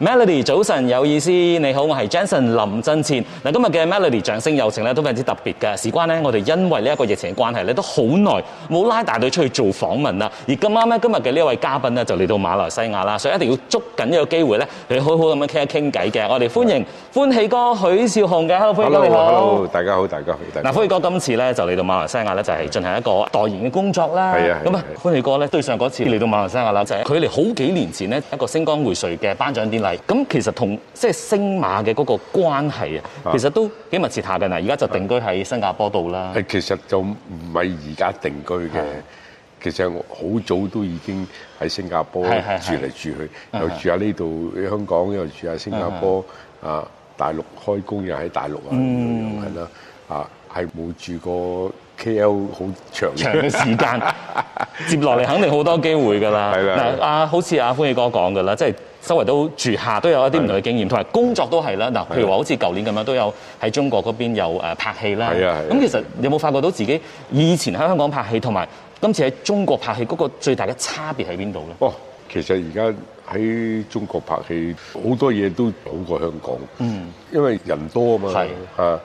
Melody，早晨有意思，你好，我係 Jenson 林振前。嗱，今日嘅 Melody 掌聲有請咧，都非常之特別嘅。事關咧，我哋因為呢一個疫情嘅關係咧，都好耐冇拉大隊出去做訪問啦。而今啱咧，今日嘅呢一位嘉賓咧，就嚟到馬來西亞啦，所以一定要捉緊呢個機會咧，去好好咁樣傾一傾偈嘅。我哋歡迎的歡喜哥許少雄嘅，Hello，歡迎 Hello, 你好。Hello，hello，大家好，大家好。嗱，歡喜哥今次咧就嚟到馬來西亞咧，就係進行一個代言嘅工作啦。係啊，咁啊，歡喜哥咧對上嗰次嚟到馬來西亞啦，就係、是、距離好幾年前呢一個星光匯萃嘅頒獎典禮。咁其實同即係星馬嘅嗰個關係啊，其實都幾密切下㗎啦。而家就定居喺新加坡度啦。係其實就唔係而家定居嘅，的其實我好早都已經喺新加坡住嚟住去，的又住喺呢度香港，又住喺新加坡的啊。大陸開工又喺大陸是的、嗯、啊，咁樣係啦。啊，係冇住過 KL 好長長嘅時間。 接落嚟肯定好多機會㗎啦。嗱的，阿、啊、好似阿、啊、歡喜哥講㗎啦，即係。周圍都住下都有一啲唔同嘅經驗，同埋是的 工作都係啦。嗱，是的 譬如話好似舊年咁樣，是的 都有喺中國嗰邊有誒拍戲啦。咁其實你有冇發覺到自己以前喺香港拍戲，同埋是的 今次喺中國拍戲嗰個最大嘅差別喺邊度咧？哦，其實而家喺中國拍戲好多嘢都好過香港。嗯，因為人多啊嘛。係啊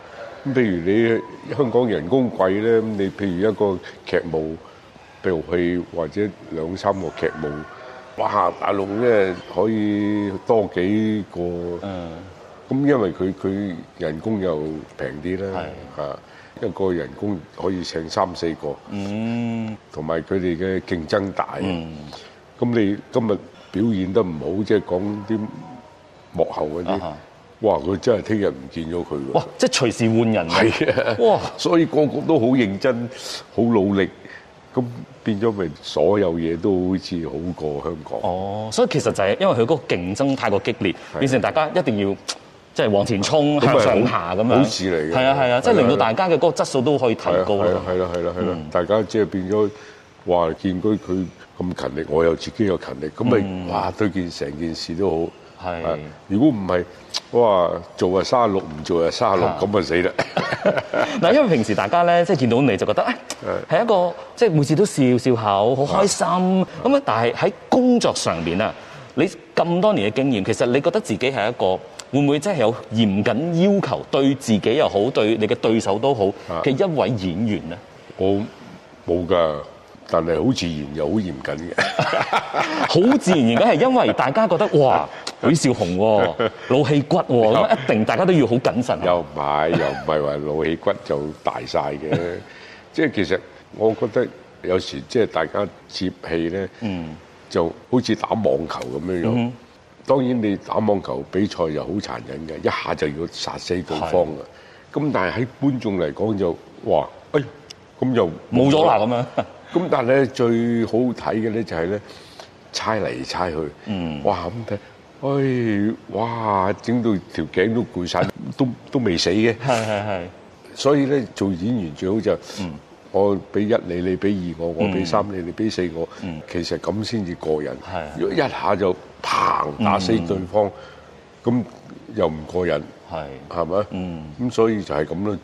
咁，譬如你香港人工貴咧，你譬如一個劇務譬如去或者兩三個劇務。哇！大陸咧可以多幾個，咁、嗯、因為佢佢人工又平啲啦，嚇是，一個人工可以請三四個，同埋佢哋嘅競爭大，咁、嗯、你今日表現得唔好，即、就、係、是、講啲幕後嗰啲，啊、是哇！佢真係聽日唔見咗佢喎，即係隨時換人，係、啊、哇！所以個個都好認真，好努力。咁變咗咪所有嘢都好似好過香港哦，所以其實就係因為佢嗰個競爭太過激烈，變成大家一定要即係往前衝向上下咁樣好事嚟嘅。係啊係啊，即係令到大家嘅嗰個質素都可以提高。係啦係啦係啦，大家即係變咗話見佢咁勤力，我又自己又勤力，咁咪哇對件成件事都好。係，如果唔係，哇，做啊卅六，唔做啊卅六，咁啊死啦！嗱，因為平時大家咧，即係見到你就覺得咧，係的一個即係每次都笑笑口，好開心咁啊！是的但係喺工作上面啊，你咁多年嘅經驗，其實你覺得自己係一個會唔會真係有嚴謹要求，對自己又好，對你嘅對手都好嘅一位演員咧？我冇噶。但係好自然又好嚴謹嘅，好 自然嚴謹係因為大家覺得哇許少雄、哦、老氣骨咁、哦、 一定，大家都要好謹慎。又唔係又唔係話老氣骨就大晒嘅， 即係其實我覺得有時即係大家接氣咧，嗯、就好似打網球咁樣樣。嗯嗯當然你打網球比賽又好殘忍嘅，一下就要殺死個方嘅。咁的但係喺觀眾嚟講就哇，哎咁又冇咗啦咁樣。了 咁但係咧最好睇嘅咧就係咧猜嚟猜去，嗯、哇咁睇，唉，哇整到條頸都攰晒， 都都未死嘅。係係係。所以咧做演員最好就是嗯我，我俾一你，你俾二我，我俾三你，你俾四我。其實咁先至過癮。係。若一下就砰打死對方，咁、嗯、又唔過癮。係，係咪？咁所以就係咁啦。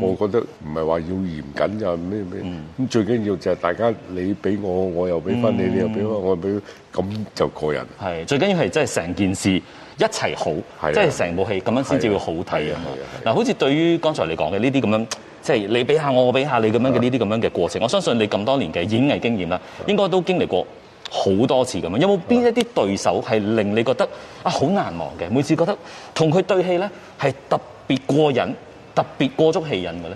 我覺得唔係話要嚴謹又咩咩。咁、嗯、最緊要就係大家你俾我，我又俾翻你，嗯、你又俾我，我俾，咁就個人。最緊要係真係成件事一齊好，即係成部戲咁樣先至會好睇啊！嗱，好似對於剛才、就是、你講嘅呢啲咁樣，即係你俾下我，我俾下你咁樣嘅呢啲咁樣嘅過程，我相信你咁多年嘅演藝經驗啦，的應該都經歷過。好多次咁樣，有冇邊一啲對手係令你覺得啊好難忘嘅？每次覺得同佢對戲咧係特別過癮，特別過足戲癮嘅咧？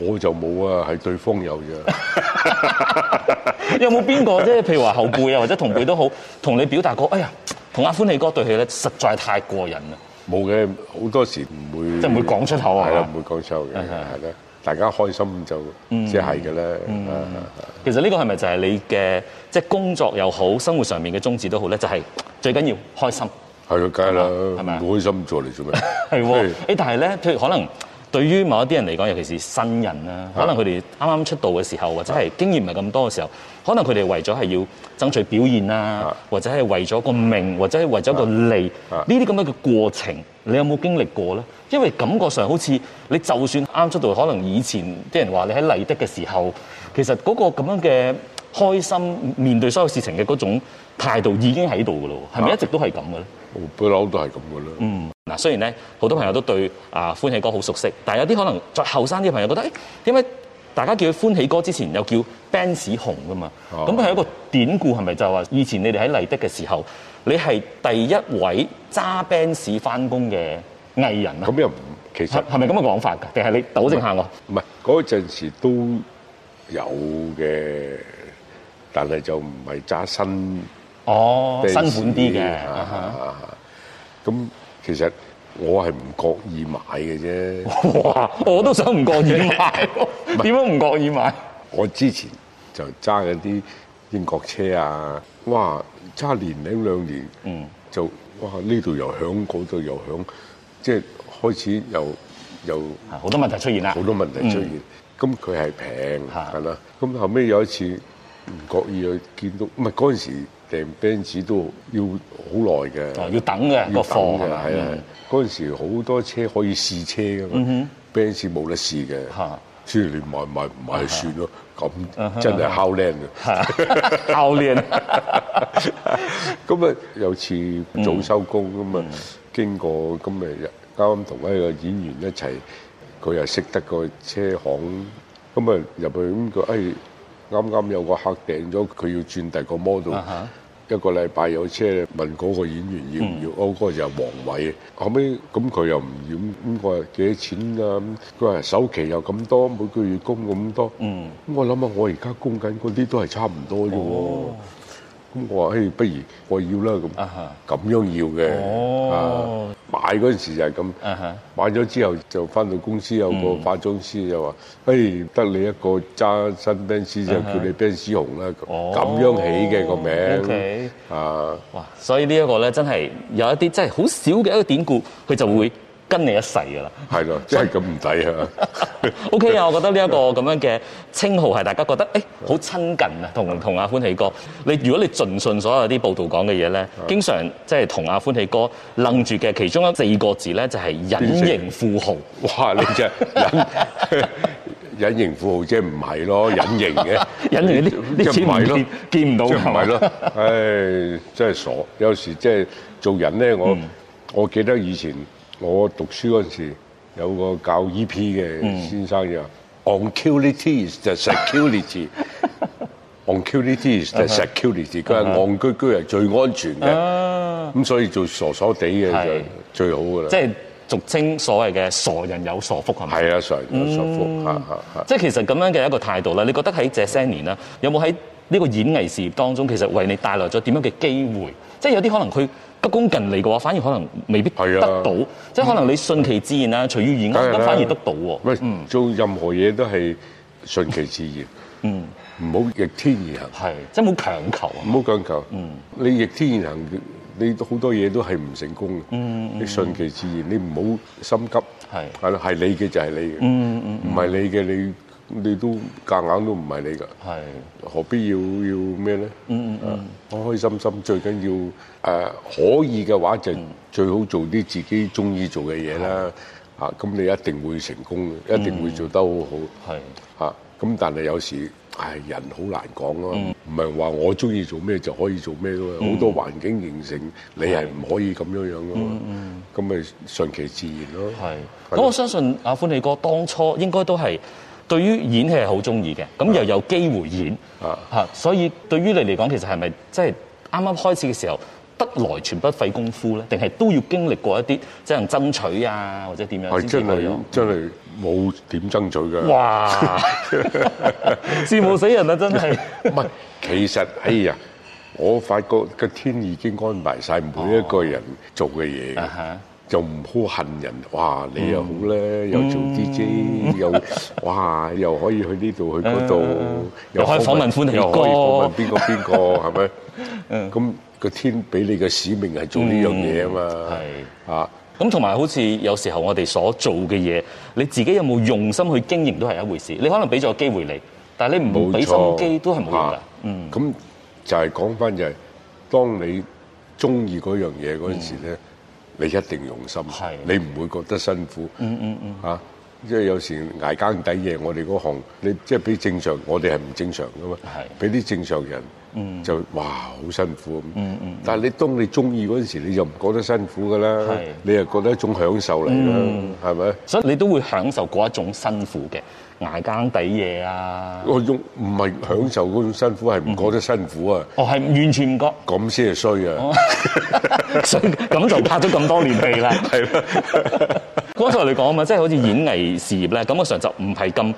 我就冇啊，係對方有嘅 有冇邊個即係譬如話後輩啊，或者同輩都好，同你表達過？哎呀，同阿歡喜哥對戲咧，實在太過癮啦！冇嘅，好多時唔會即係唔會講出口啊，係啦，唔會講出口嘅，係啦。 大家開心就即係嘅咧。嗯。其實呢個係咪就係你嘅即係工作又好，生活上面嘅宗旨都好咧？就係最緊要開心。係咯，梗係啦。係咪啊？唔開心再嚟做咩？係喎。誒，但係咧，譬如可能。對於某一啲人嚟講，尤其是新人啊，是的 可能佢哋啱啱出道嘅時候，或者係經驗唔係咁多嘅時候，可能佢哋為咗係要爭取表現啊，是的 或者係為咗個名，或者係為咗個利，呢啲咁樣嘅過程，你有冇經歷過呢？因為感覺上好似你就算啱出道，可能以前啲人話你喺麗的嘅時候，其實嗰個咁樣嘅開心面對所有事情嘅嗰種態度已經喺度㗎咯，係咪一直都係咁嘅呢？不嬲都係咁㗎啦。嗯。嗱，雖然咧好多朋友都對啊歡喜哥好熟悉，但係有啲可能在後生啲朋友覺得，誒、哎，點解大家叫佢歡喜哥之前又叫 Ben 士雄噶嘛？咁佢係一個典故，係咪就話、是、以前你哋喺麗的嘅時候，你係第一位揸 Ben 士翻工嘅藝人啊？咁又唔，其實係咪咁嘅講法噶？定係你糾正下我？唔係，嗰陣時都有嘅，但係就唔係揸新哦駛駛新款啲嘅，咁、啊。Uh huh. 其實我係唔覺意買嘅啫，哇！ 我都想唔覺意買，點樣唔覺意買？我之前就揸緊啲英國車啊，哇！揸年零兩年，嗯，就哇呢度又響，嗰度又響，即係開始又又好多問題出現啦，好多問題出現。咁佢係平係啦，咁後尾有一次。唔覺意去見到，唔係嗰陣時訂 band 都要好耐嘅，哦要等嘅個貨係啊！嗰陣時好多車可以試車㗎嘛，band 冇得試嘅，嚇！所以你買買唔買算咯，咁真係敲靚啊。敲靚。咁啊，有次早收工咁啊，經過咁啊，啱啱同一個演員一齊，佢又識得個車行，咁啊入去咁佢誒。啱啱有個客訂咗，佢要轉第二個 model，、uh huh. 一個禮拜有車，問嗰個演員要唔要？我嗰、mm. 個就係王偉。後尾咁佢又唔要，咁我話幾多錢啊？佢話首期又咁多，每個月供咁多，mm. 我諗下，我而家供緊嗰啲都係差唔多嘅喎。Oh. 咁我話：嘿、hey,，不如我要啦咁，咁樣要嘅、uh huh. 啊。買嗰陣時就係咁，uh huh. 買咗之後就翻到公司有個化妝師就話：，嘿、uh huh. 哎，得你一個揸新兵師就叫你兵師雄啦。咁、uh huh. 樣起嘅個名、uh huh. okay. 啊，哇！所以這呢一個咧，真係有一啲真係好少嘅一個典故，佢就會。跟你一世噶啦，係咯，真係咁唔抵呀。O K 啊，我覺得呢一個咁樣嘅稱號係大家覺得，誒、欸，好親近啊，同同阿歡喜哥。你如果你盡信所有啲報道講嘅嘢咧，的經常即係同阿歡喜哥愣住嘅其中一四個字咧，就係、是、隱形富豪。哇！你真係隱, 隱形富豪，即係唔係咯？隱形嘅 隱形呢啲錢唔見，見唔到。唔係咯？唉、 哎，真係傻。有時即係做人咧，我、嗯、我記得以前。我讀書嗰陣時候，有個教 E P 嘅先生就話，oncurity、嗯、就 security，oncurity 就 security。佢話戇居居係最安全嘅。咁、啊、所以做傻傻地嘅就最好㗎啦。即係俗稱所謂嘅傻人有傻福係咪？係啊，傻人有傻福嚇嚇即係其實咁樣嘅一個態度啦。你覺得喺這些年啦，有冇喺？呢個演藝事業當中，其實為你帶來咗點樣嘅機會？即係有啲可能佢急功近利嘅話，反而可能未必得到。即係可能你順其自然啦，隨遇而安咁，反而得到喎。做任何嘢都係順其自然，唔好逆天而行，即係冇強求啊！唔好強求，你逆天而行，你好多嘢都係唔成功嘅。你順其自然，你唔好心急。係係啦，係你嘅就係你嘅，唔係你嘅你。你都夾硬都唔係你㗎，係何必要要咩咧、嗯？嗯嗯嗯，開、啊、開心心最緊要誒、啊，可以嘅話就最好做啲自己中意做嘅嘢啦。咁、嗯啊、你一定會成功嘅，一定會做得好好。咁、嗯啊、但係有時唉、哎、人好難講咯，唔係話我中意做咩就可以做咩咯。好、嗯、多環境形成，你係唔可以咁樣樣㗎嘛。咁咪順其自然咯。係是，咁是我相信阿歡喜哥當初應該都係。對於演戲係好中意嘅，咁又有機會演嚇，啊、所以對於你嚟講，其實係咪真係啱啱開始嘅時候得來全不費功夫咧？定係都要經歷過一啲即係爭取啊，或者點樣先是真係真係冇點爭取嘅。哇！羨慕 死人啊，真係。唔係，其實哎呀，我發覺個天已經安排晒每一個人做嘅嘢。哦啊就唔好恨人，哇！你又好叻，又做 DJ，又哇，又可以去呢度去嗰度，又可以訪問歡喜哥，又可以訪問邊個邊個，係咪？咁個天俾你嘅使命係做呢樣嘢啊嘛，係啊。咁同埋好似有時候我哋所做嘅嘢，你自己有冇用心去經營都係一回事。你可能俾咗機會你，但係你唔冇俾心機都係冇用噶。咁就係講翻就係，當你中意嗰樣嘢嗰陣時咧。你一定用心，的你唔會覺得辛苦，嚇、嗯嗯嗯，啊。即係有時捱更抵夜，我哋嗰行你即係比正常，我哋係唔正常㗎嘛？係。比啲正常人，嗯，就哇好辛苦咁。嗯嗯。但係你當你中意嗰陣時，你就唔覺得辛苦㗎啦。你又覺得一種享受嚟啦，係咪？所以你都會享受嗰一種辛苦嘅，捱更抵夜啊！我用唔係享受嗰種辛苦，係唔覺得辛苦啊！哦，係完全唔覺。咁先係衰啊！所以咁就拍咗咁多年戲啦。係。剛才你講啊嘛，即係好似演藝事業咧，感覺上就唔係咁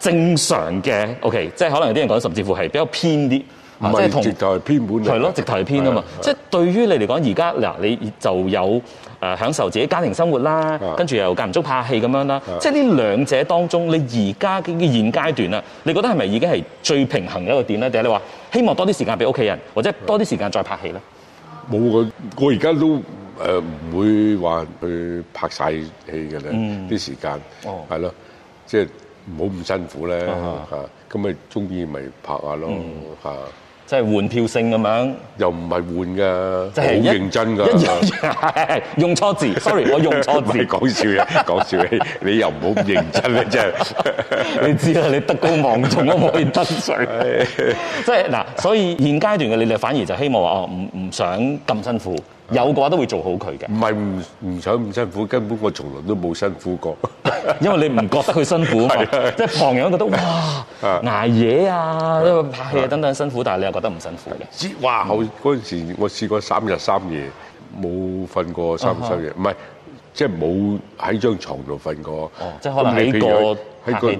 正常嘅。OK，即係可能有啲人講，甚至乎係比較偏啲，是即係同直頭係偏本係咯，直頭係偏啊嘛。的即係對於你嚟講，而家嗱，你就有誒享受自己家庭生活啦，跟住的又間唔中拍下戲咁樣啦。的即係呢兩者當中，你而家嘅現階段啊，你覺得係咪已經係最平衡嘅一個點咧？定係你話希望多啲時間俾屋企人，或者多啲時間再拍戲咧？冇啊，我而家都。誒唔會話去拍晒戲嘅咧，啲時間，係咯，即係唔好咁辛苦咧嚇，咁咪中意咪拍下咯嚇，即係換票性咁樣，又唔係換噶，好認真噶，用錯字，sorry，我用錯字，講笑呀，講笑你，你又唔好咁認真咧，真係，你知啦，你德高望重，我唔可以得罪，即係嗱，所以現階段嘅你哋反而就希望哦，唔唔想咁辛苦。有嘅話都會做好佢嘅。唔係唔唔想咁辛苦，根本我從來都冇辛苦過。因為你唔覺得佢辛苦，即係旁人覺得哇，捱夜啊、拍戲等等辛苦，但係你又覺得唔辛苦嘅。哇！好，嗰陣時，我試過三日三夜冇瞓過三日三夜，唔係即係冇喺張床度瞓過。即係可能幾個喺個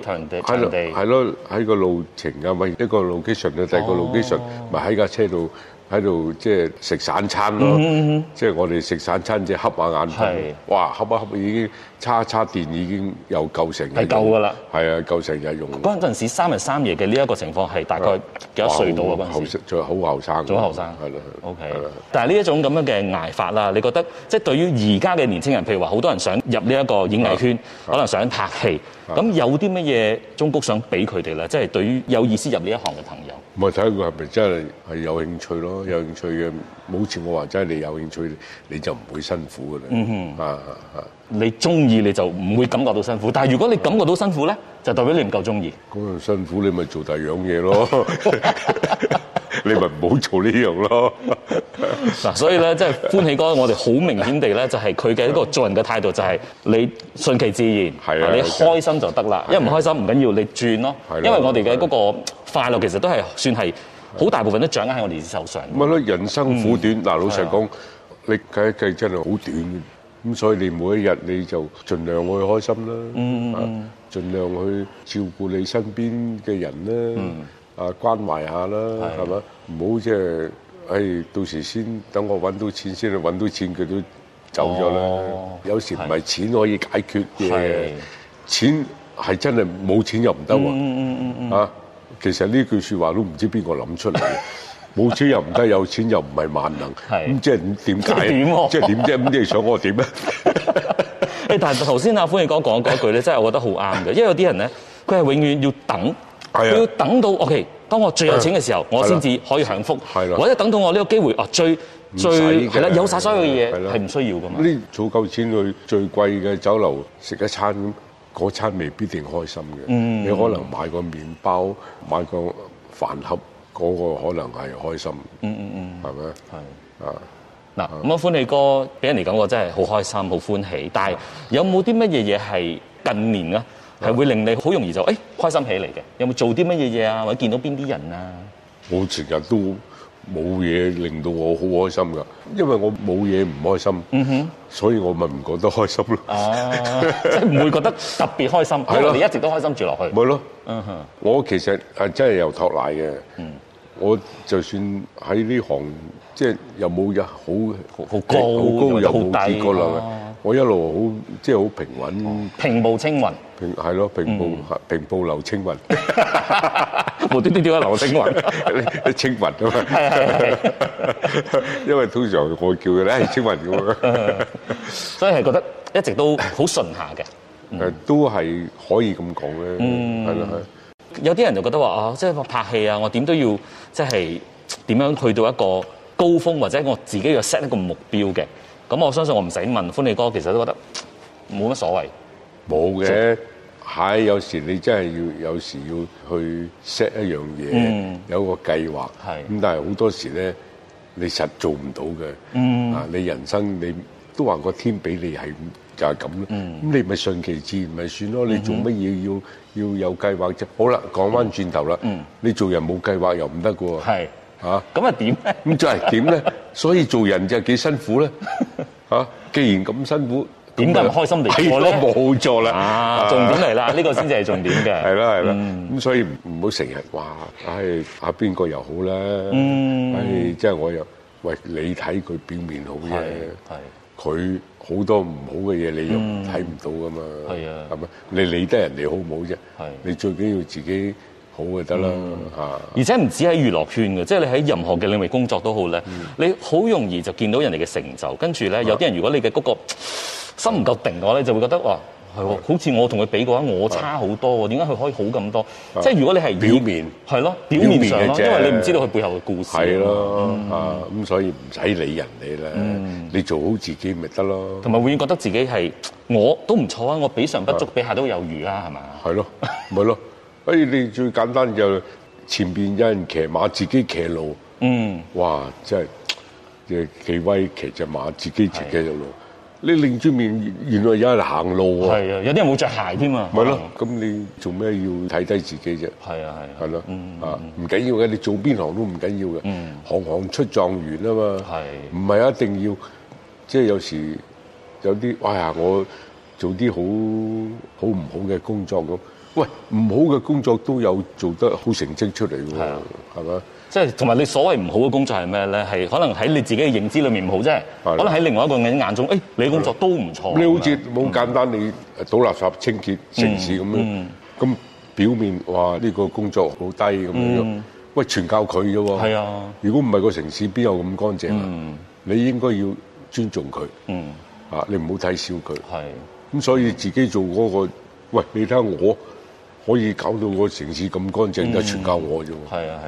地，係咯喺個路程啊，或者一個 location 啊，第二個 location，咪喺架車度。喺度即係食散餐咯，mm hmm. 即係我哋食散餐即係恰下眼，的哇恰一恰已經叉叉電已經有夠成，係夠噶啦，係啊夠成日用。嗰陣時三日三夜嘅呢一個情況係大概幾多歲到啊？仲好後生，仲好後生，係咯，OK 了。但係呢一種咁樣嘅捱法啦，你覺得即係對於而家嘅年輕人，譬如話好多人想入呢一個演藝圈，的可能想拍戲，咁的有啲乜嘢忠告想俾佢哋咧？即係對於有意思入呢一行嘅朋友。唔係睇佢係咪真係係有興趣咯？有興趣嘅，好似我話真係你有興趣，你就唔會辛苦㗎啦。嗯哼啊。啊啊啊！你中意你就唔會感覺到辛苦，但係如果你感覺到辛苦咧，就代表你唔夠中意。嗰樣辛苦你咪做第二樣嘢咯， 你咪唔好做呢樣咯。嗱， 所以咧，即係歡喜哥，我哋好明顯地咧，就係佢嘅一個做人嘅態度，就係你順其自然，的你開心就得啦。因為唔的開心唔的緊要，你轉咯。的因為我哋嘅嗰個快樂其實都係算係好大部分都掌握喺我哋手上的。咪咯，人生苦短，嗱，嗯，老實講，的你計一計真係好短。咁所以你每一日你就盡量去開心啦，嗯嗯、啊，盡量去照顧你身邊嘅人啦，嗯、啊關懷下啦，係嘛是？唔好即係，誒、就是哎，到時先等我揾到錢先去揾到錢，佢都走咗啦、哦啊。有時唔係錢可以解決嘅，是錢係真係冇錢又唔得喎。嗯嗯嗯、啊，其實呢句説話都唔知邊個諗出嚟。 冇錢又唔得，有錢又唔係萬能。係，咁即係點點解？即係點啫？咁你想我點咧？誒，但係頭先阿歡喜講講嗰句咧，真係我覺得好啱嘅，因為有啲人咧，佢係永遠要等，要等到 OK，當我最有錢嘅時候，我先至可以享福。係啦，或者等到我呢個機會，哦，最最係啦，有曬所有嘅嘢係唔需要㗎嘛？呢啲儲夠錢去最貴嘅酒樓食一餐，嗰餐未必定開心嘅。嗯，你可能買個麵包，買個飯盒。嗰個可能係開心，嗯嗯嗯，係咪啊？係啊，嗱，咁啊，歡喜哥俾人嚟講，我真係好開心，好歡喜。但係有冇啲乜嘢嘢係近年啊，係會令你好容易就誒開心起嚟嘅？有冇做啲乜嘢嘢啊，或者見到邊啲人啊？我成日都冇嘢令到我好開心㗎，因為我冇嘢唔開心，嗯哼，所以我咪唔覺得開心咯，即啊，唔會覺得特別開心，你一直都開心住落去，咪咯，嗯哼，我其實係真係有托奶嘅，嗯。我就算喺呢行，即係高又冇高有好好高又好低嘅，啊，我一路好即係好平穩，平步青雲，平係咯，平步、嗯、平步流青雲， 無端端點解流青雲？青 雲咁啊，係 因為通常我叫佢咧係青雲咁啊，所以係覺得一直都好順下嘅，都係可以咁講咧，係啊係。有啲人就覺得話啊，即、哦、係拍戲啊，我點都要即係點樣去到一個高峰，或者我自己要 set 一個目標嘅。咁我相信我唔使問，歡利哥其實都覺得冇乜所謂。冇嘅，係是、哎、有時你真係要有時要去 set 一樣嘢，嗯、有個計劃。係咁是，但係好多時咧，你實做唔到嘅。啊、嗯，你人生你都話個天俾你係。就係咁咯，咁你咪順其自然咪算咯。你做乜嘢要要有計劃啫？好啦，講翻轉頭啦，你做人冇計劃又唔得嘅喎。係嚇，咁啊點咧？咁就係點咧？所以做人就係幾辛苦咧嚇。既然咁辛苦，點解唔開心地過咯？都冇做啦，重點嚟啦，呢個先至係重點嘅。係啦係啦，咁所以唔好成日話，唉阿邊個又好咧？嗯，唉，即係我又喂，你睇佢表面好啫，係佢。好多唔好嘅嘢，你又睇唔到噶嘛？係、嗯、啊，係咪？你理得人哋好唔好啫？係，你最緊要自己好就得啦、嗯啊、而且唔止喺娛樂圈嘅，即係你喺任何嘅領域工作都好咧，嗯、你好容易就見到人哋嘅成就，跟住咧有啲人如果你嘅嗰個心唔夠定嘅話，你就會覺得哇～係好似我同佢比嘅話，我差好多喎。點解佢可以好咁多？即係如果你係表面係咯，表面上，因為你唔知道佢背後嘅故事。係咯，啊咁所以唔使理人哋啦，你做好自己咪得咯。同埋永遠覺得自己係我都唔錯啊！我比上不足，比下都有餘啦，係咪？係咯，咪咯。哎，你最簡單就前邊有人騎馬，自己騎路。嗯。哇！真係嘅，幾威騎隻馬，自己自己只路。你擰轉面原來有人行路喎，啊，係啊，有啲人冇着鞋添嘛。咪咯，咁你做咩要睇低自己啫？係啊係。係咯，啊唔緊要嘅，你做邊行都唔緊要嘅，行、嗯、行出狀元啊嘛。係的，唔係一定要即係有時有啲，哇、哎！我做啲好好唔好嘅工作咁，喂，唔好嘅工作都有做得好成績出嚟㗎喎，係嘛的？即係同埋你所謂唔好嘅工作係咩咧？係可能喺你自己嘅認知裏面唔好啫，可能喺另外一個人眼中，誒你嘅工作都唔錯。你好似冇簡單，你倒垃圾清潔城市咁樣，咁表面話呢個工作好低咁樣，喂全靠佢啫喎。係啊，如果唔係個城市邊有咁乾淨啊？你應該要尊重佢。嗯啊，你唔好睇小佢。係咁，所以自己做嗰個，喂你睇下我。可以搞到個城市咁乾淨，嗯、就家而家全靠我啫喎！啊係啊，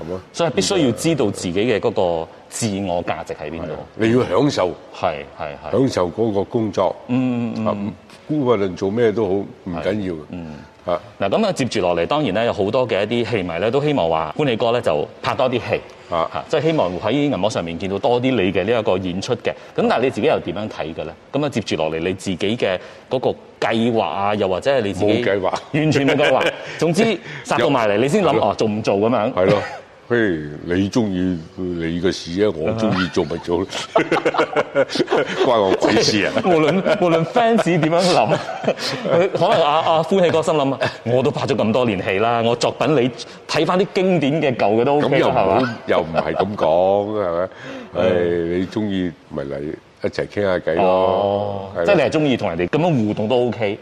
係咪、啊、吧所以必須要知道自己嘅嗰個自我價值喺邊度。你要享受，係係係，享受嗰個工作。嗯嗯嗯，姑勿論你做咩都好，唔緊要。嗯。嗱咁啊，接住落嚟，當然咧有好多嘅一啲戲迷咧，都希望話歡喜哥咧就拍多啲戲，啊即係、啊即係、希望喺銀幕上面見到多啲你嘅呢一個演出嘅。咁、啊、但係你自己又點樣睇嘅咧？咁啊，接住落嚟你自己嘅嗰個計劃啊，又或者係你自己冇計劃，完全冇計劃。總之殺到埋嚟，你先諗哦，做唔做咁樣？係咯了。 嘿，hey, 你中意你嘅事啊，我中意做咪做咯， 關我鬼事啊！無論無論 fans 點樣諗， 可能阿、啊、阿、 啊、歡喜哥心諗啊，我都拍咗咁多年戲啦，我作品你睇翻啲經典嘅舊嘅都 OK，係又唔係咁講，係咪？唉吧，你中意咪嚟一齊傾下偈咯，哦、吧即係你係中意同人哋咁樣互動都 OK。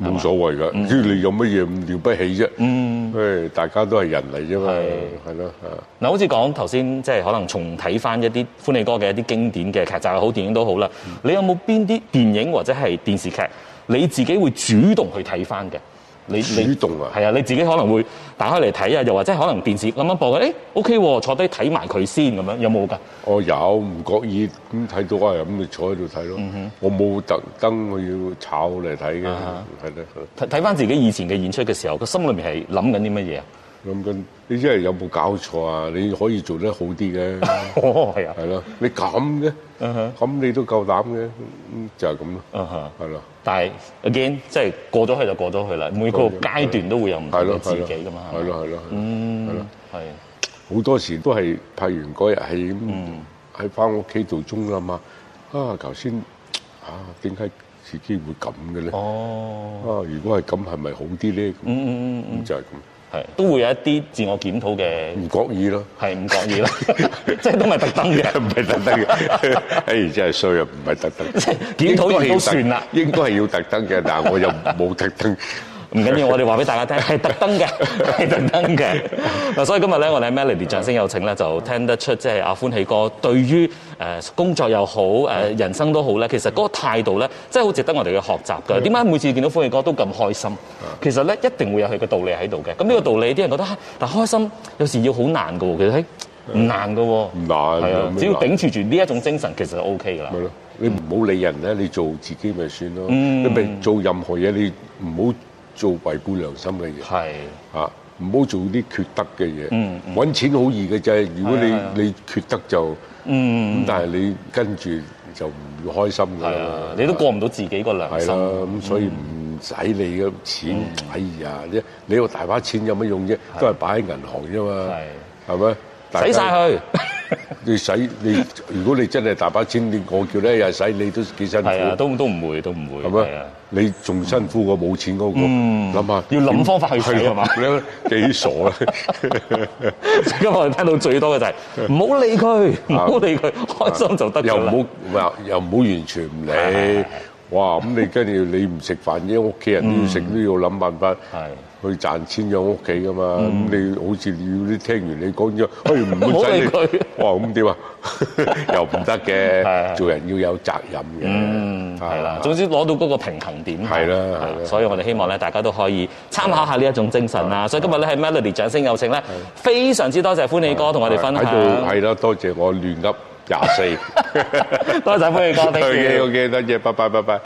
冇所謂噶，唔知吧你有乜嘢唔了不起啫。嗯吧，誒、哎，大家都係人嚟啫嘛。係的，係咯。嗱，好似講頭先，即係可能重睇翻一啲《歡喜哥》嘅一啲經典嘅劇集又好，電影都好啦。你有冇邊啲電影或者係電視劇，你自己會主動去睇翻嘅？你，你主動啊？係啊，你自己可能會打開嚟睇啊，又或者可能電視咁樣播嘅，誒 O K 喎，坐低睇埋佢先咁樣，有冇㗎？我、哦、有唔覺意咁睇到啊，咁咪坐喺度睇咯。我冇特登我要炒嚟睇嘅，係啦。睇返翻自己以前嘅演出嘅時候，個心裏面係諗緊啲乜嘢？咁嘅，你真係有冇搞錯啊？你可以做得好啲嘅，哦，係啊，係咯，你咁嘅，咁你都夠膽嘅，就係咁咯，係咯。但係 again，即係過咗去就過咗去啦。每個階段都會有唔同嘅自己噶嘛，係咯，係咯，嗯，係咯，係好多時都係拍完嗰日係咁，喺翻屋企做鐘啦嘛。啊，頭先啊，點解自己會咁嘅咧？啊，如果係咁，係咪好啲咧？咁就係咁。係，都會有一啲自我檢討嘅，唔覺意咯，係唔覺意咯， 即係都唔係特登嘅，唔係特登嘅， 哎，真係衰啊，唔係特登，檢討完都算啦，應該係要特登嘅，但係我又冇特登。唔緊要，我哋話俾大家聽係特登嘅，係特登嘅。嗱，所以今日咧，我哋喺 Melody 掌聲有請咧，就聽得出即係阿歡喜哥對於誒工作又好誒人生都好咧，其實嗰個態度咧，真係好值得我哋去學習嘅。點解每次見到歡喜哥都咁開心？其實咧，一定會有佢嘅道理喺度嘅。咁、這、呢個道理，啲人覺得嗱開心有時要好難嘅喎。其實唔難嘅喎，唔難啊，的難只要頂住住呢一種精神，其實 O K 嘅啦。係咯，你唔好理人咧，你做自己咪算咯。嗯、你咪做任何嘢，你唔好。做違背良心嘅嘢，係啊，唔好做啲缺德嘅嘢。揾錢好易嘅啫，如果你你缺德就，咁但係你跟住就唔開心㗎喇。係啊，你都過唔到自己個良心。咁所以唔使你嘅錢，哎呀啫，你有大把錢有乜用啫？都係擺喺銀行啫嘛，係，係咪？使晒佢，你使你，如果你真係大把錢，你我叫咧又使，你都幾辛苦。係啊，都都唔會，都唔會。係啊，你仲辛苦過冇錢嗰個。嗯，諗下要諗方法去使係嘛。你幾傻咧？今日我哋聽到最多嘅就係唔好理佢，唔好理佢，開心就得啦。又唔好唔係，又唔好完全唔理。哇，咁你跟住你唔食飯，啲屋企人都要食，都要諗辦法。係。去賺錢養屋企㗎嘛？咁你好似要啲聽完你講咗，哎唔好理佢，哇咁點啊？又唔得嘅，做人要有責任嘅，係啦。總之攞到嗰個平衡點，係啦。所以我哋希望咧，大家都可以參考下呢一種精神啦。所以今日咧係 Melody 掌聲有請咧，非常之多謝歡喜哥同我哋分享。係啦，多謝我亂噏廿四，多謝歡喜哥。OK OK，多謝，拜拜，拜拜。